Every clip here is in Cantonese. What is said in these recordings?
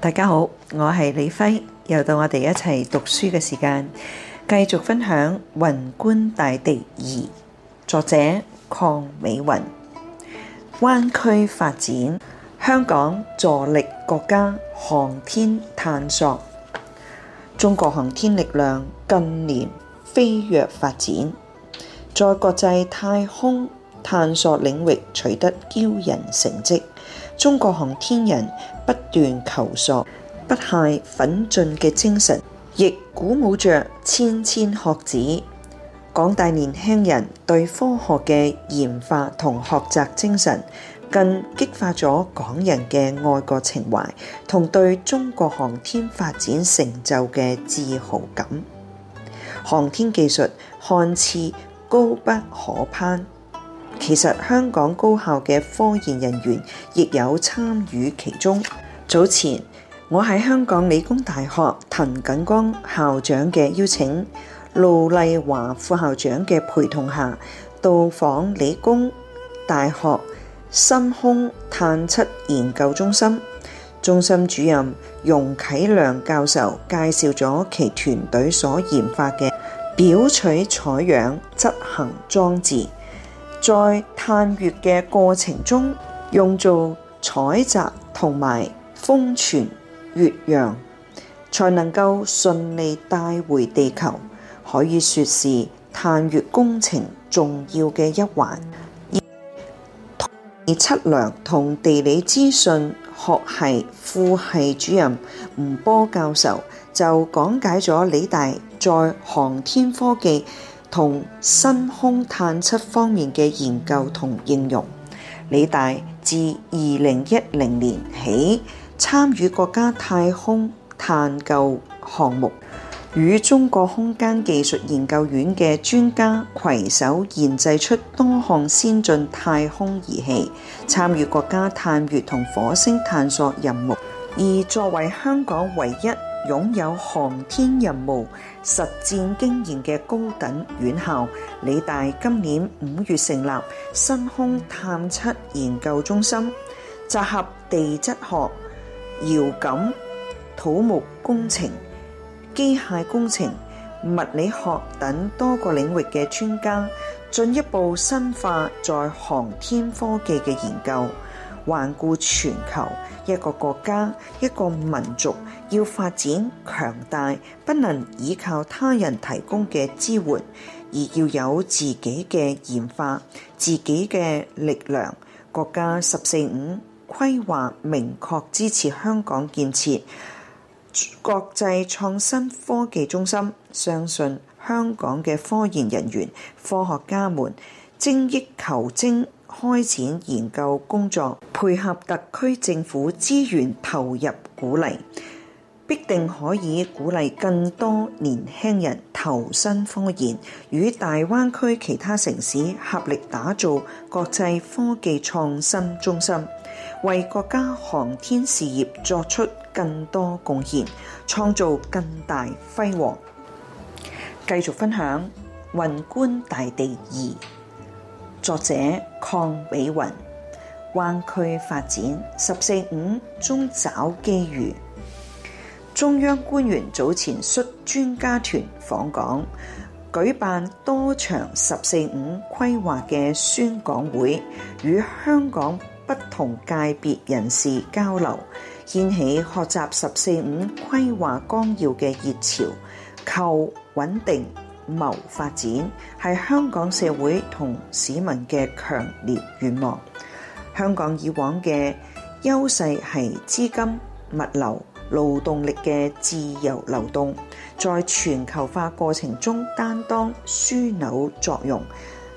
大家好，我係李輝，又到我哋一齊讀書嘅時間，繼續分享《雲觀大地二》，作者鄺美雲。灣區發展，香港助力國家航天探索。中國航天力量近年飛躍發展，在國際太空探索領域取得驕人成績。中國航天人不斷求索、不懈奮進嘅精神，亦鼓舞着千千學子、廣大年輕人對科學嘅研發同學習精神，更激發咗港人嘅愛國情懷同對中國航天發展成就嘅自豪感。航天技術看似高不可攀。其實香港高校嘅科研人員亦有參與其中。早前，我喺香港理工大學滕錦光校長嘅邀請、盧麗華副校長嘅陪同下，到訪理工大學深空探測研究中心。中心主任容啟亮教授介紹咗其團隊所研發嘅表取採樣執行裝置。在探月嘅過程中，用做採集同埋封存月壤，才能夠順利帶回地球，可以說是探月工程重要嘅一環。而測量同地理資訊學系副系主任吳波教授就講解咗理大在航天科技。同深空探測方面嘅研究同應用，理大自二零一零年起參與國家太空探究項目，與中國空間技術研究院嘅專家攜手研製出多項先進太空儀器，參與國家探月同火星探索任務，而作為香港唯一擁有航天任務實戰經驗嘅高等院校，理大今年五月成立新空探測研究中心，集合地質學、遙感、土木工程、機械工程、物理學等多個領域嘅專家，進一步深化在航天科技嘅研究。環顧全球，一個國家、一個民族要發展強大，不能依靠他人提供嘅支援，而要有自己嘅研發、自己嘅力量。國家十四五規劃明確支持香港建設國際創新科技中心，相信香港嘅科研人員、科學家們精益求精。開展研究工作，配合特區政府資源投入鼓勵，必定可以鼓勵更多年輕人投身科研，與大灣區其他城市合力打造國際科技創新中心，為國家航天事業作出更多貢獻，創造更大輝煌。繼續分享《雲觀大地二》。作者鄺美雲，灣區發展十四五中找機遇。中央官員早前率專家團訪港，舉辦多場十四五規劃嘅宣講會，與香港不同界別人士交流，掀起學習十四五規劃綱要嘅熱潮，求穩定，謀發展係香港社會同市民嘅強烈願望。香港以往嘅優勢係資金、物流、勞動力嘅自由流動，在全球化過程中擔當樞紐作用。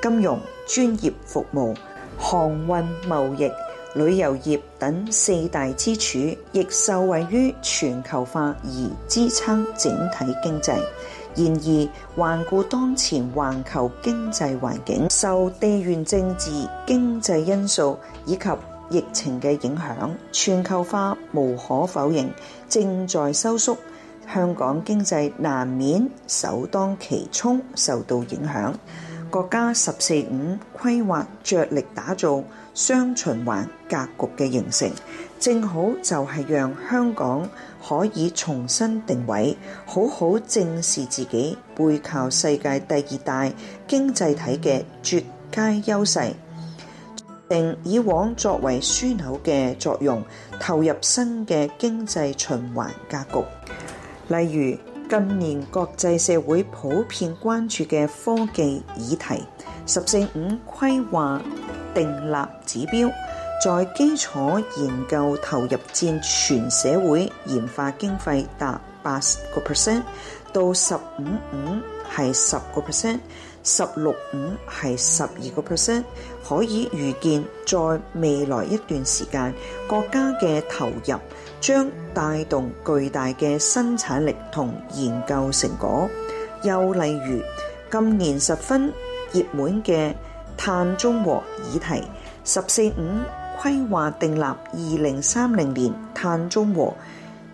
金融、專業服務、航運、貿易、旅遊業等四大支柱亦受惠於全球化而支撐整體經濟。然而，環顧當前環球經濟環境，受地緣政治、經濟因素以及疫情嘅影響，全球化無可否認正在收縮，香港經濟難免首當其衝受到影響。國家十四五規劃着力打造雙循環格局嘅形成，正好就係讓香港，可以重新定位，好好正視自己背靠世界第二大經濟體嘅絕佳優勢，定以往作為樞紐嘅作用，投入新嘅經濟循環格局。例如近年國際社會普遍關注嘅科技議題，十四五規劃訂立指標。在基礎研究投入佔全社會研發經費達八個 percent，到十五五係十個 percent，十六五係十二個 percent。可以預見，在未來一段時間，國家嘅投入將帶動巨大嘅生產力同研究成果。又例如，近年十分熱門嘅碳中和議題，十四五規劃訂立二零三零年碳中和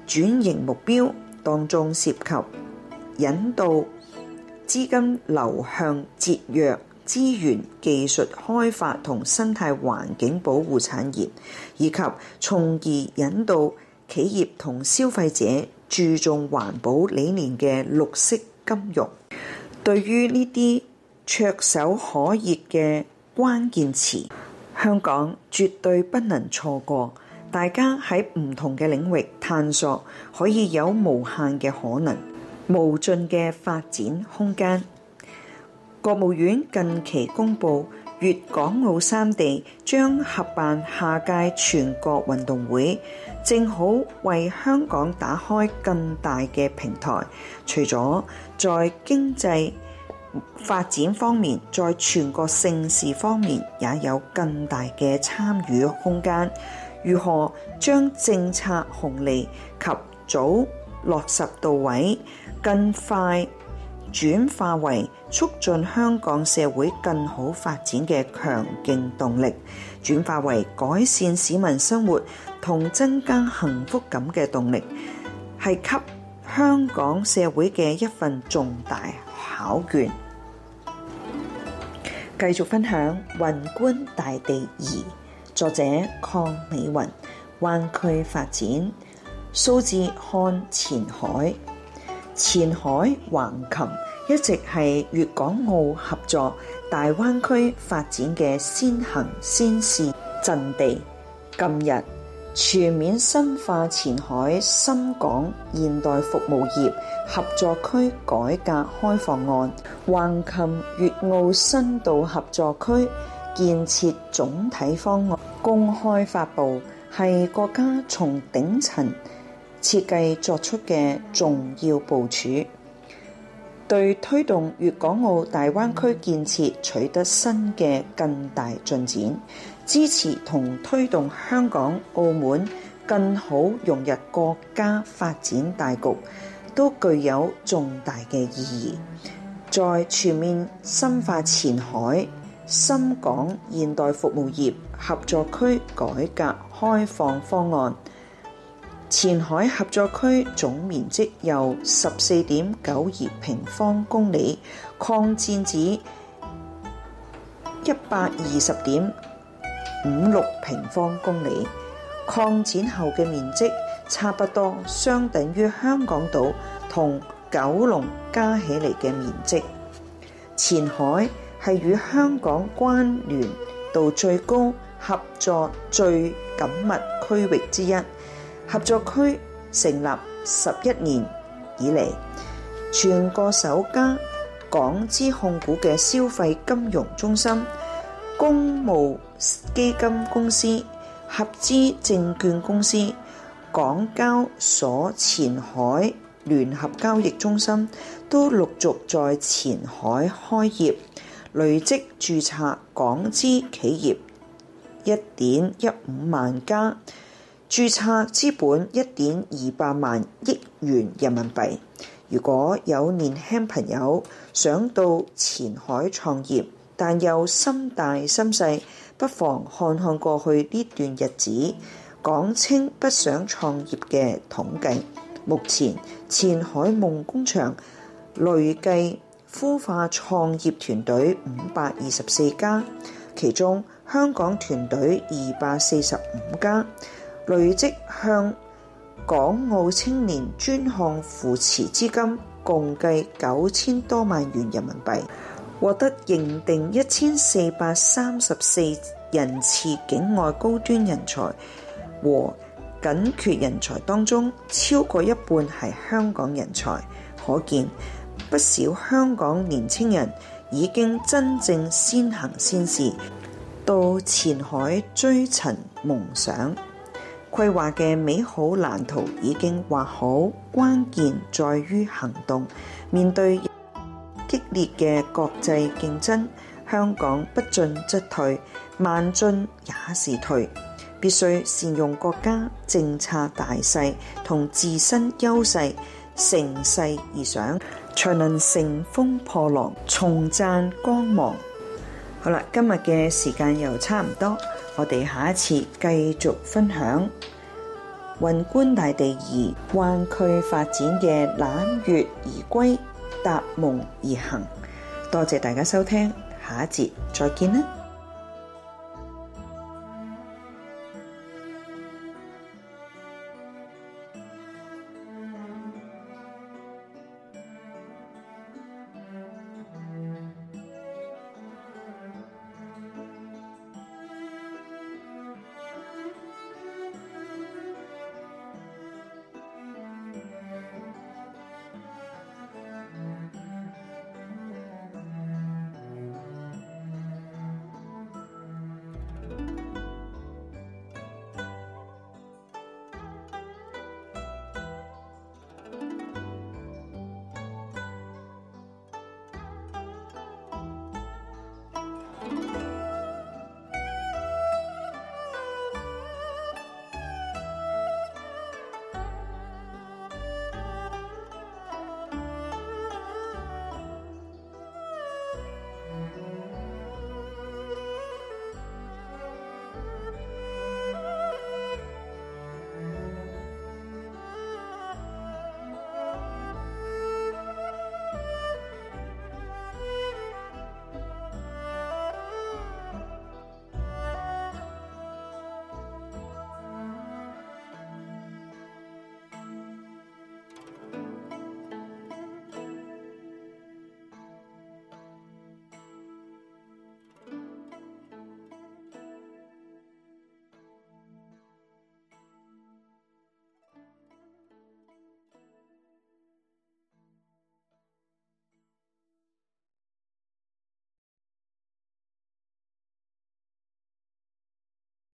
轉型目標，當中涉及引導資金流向節約資源、技術開發同生態環境保護產業，以及從而引導企業同消費者注重環保理念嘅綠色金融。對於呢啲炙手可熱嘅關鍵詞。香港絕對不能錯過，大家喺唔同嘅領域探索，可以有無限嘅可能、無盡嘅發展空間。國務院近期公布，粵港澳三地將合辦下屆全國運動會，正好為香港打開更大嘅平台。除咗在經濟發展方面，在全國盛事方面也有更大嘅參與空間。如何將政策紅利及早落實到位，更快轉化為促進香港社會更好發展嘅強勁動力，轉化為改善市民生活同增加幸福感嘅動力，係給香港社會嘅一份重大。考卷，繼續分享《雲觀大地二》，作者鄺美雲，灣區發展，數字看前海，前海橫琴一直係粵港澳合作大灣區發展嘅先行先試陣地。近日，全面深化前海深港現代服務業合作區改革開放案，橫琴粵澳深度合作區建設總體方案公開發佈，係國家從頂層設計作出嘅重要部署。對推動粵港澳大灣區建設取得新嘅更大進展，支持同推動香港、澳門更好融入國家發展大局，都具有重大嘅意義。在全面深化前海、深港現代服務業合作區改革開放方案。前海合作區總面積由十四點九二平方公里擴展至一百二十點五六平方公里，擴展後嘅面積差不多相等於香港島同九龍加起嚟嘅面積，前海係與香港關聯度最高、合作最緊密區域之一。合作區成立十一年以嚟，全國首家港資控股嘅消費金融中心、公募基金公司、合資證券公司、港交所前海聯合交易中心都陸續在前海開業，累積註冊港資企業一點一五萬家。注冊資本一點二八萬億元人民幣。如果有年輕朋友想到前海創業，但又心大心細，不妨看看過去呢段日子港青不想創業嘅統計。目前前海夢工場累計孵化創業團隊五百二十四家，其中香港團隊二百四十五家。累積向港澳青年專項扶持資金共計九千多萬元人民幣。獲得認定一千四百三十四人次境外高端人才和緊缺人才當中，超過一半係香港人才。可見不少香港年青人已經真正先行先試，到前海追尋夢想。規劃嘅美好藍圖已經畫好，關鍵在於行動。面對激烈嘅國際競爭，香港不進則退，慢進也是退，必須善用國家政策大勢同自身優勢，乘勢而上，才能乘風破浪，重綻光芒。好啦，今日嘅時間又差唔多，我哋下一次繼續分享《雲觀大地而灣區發展嘅攬月而歸，踏夢而行》。多謝大家收聽，下一節再見啦！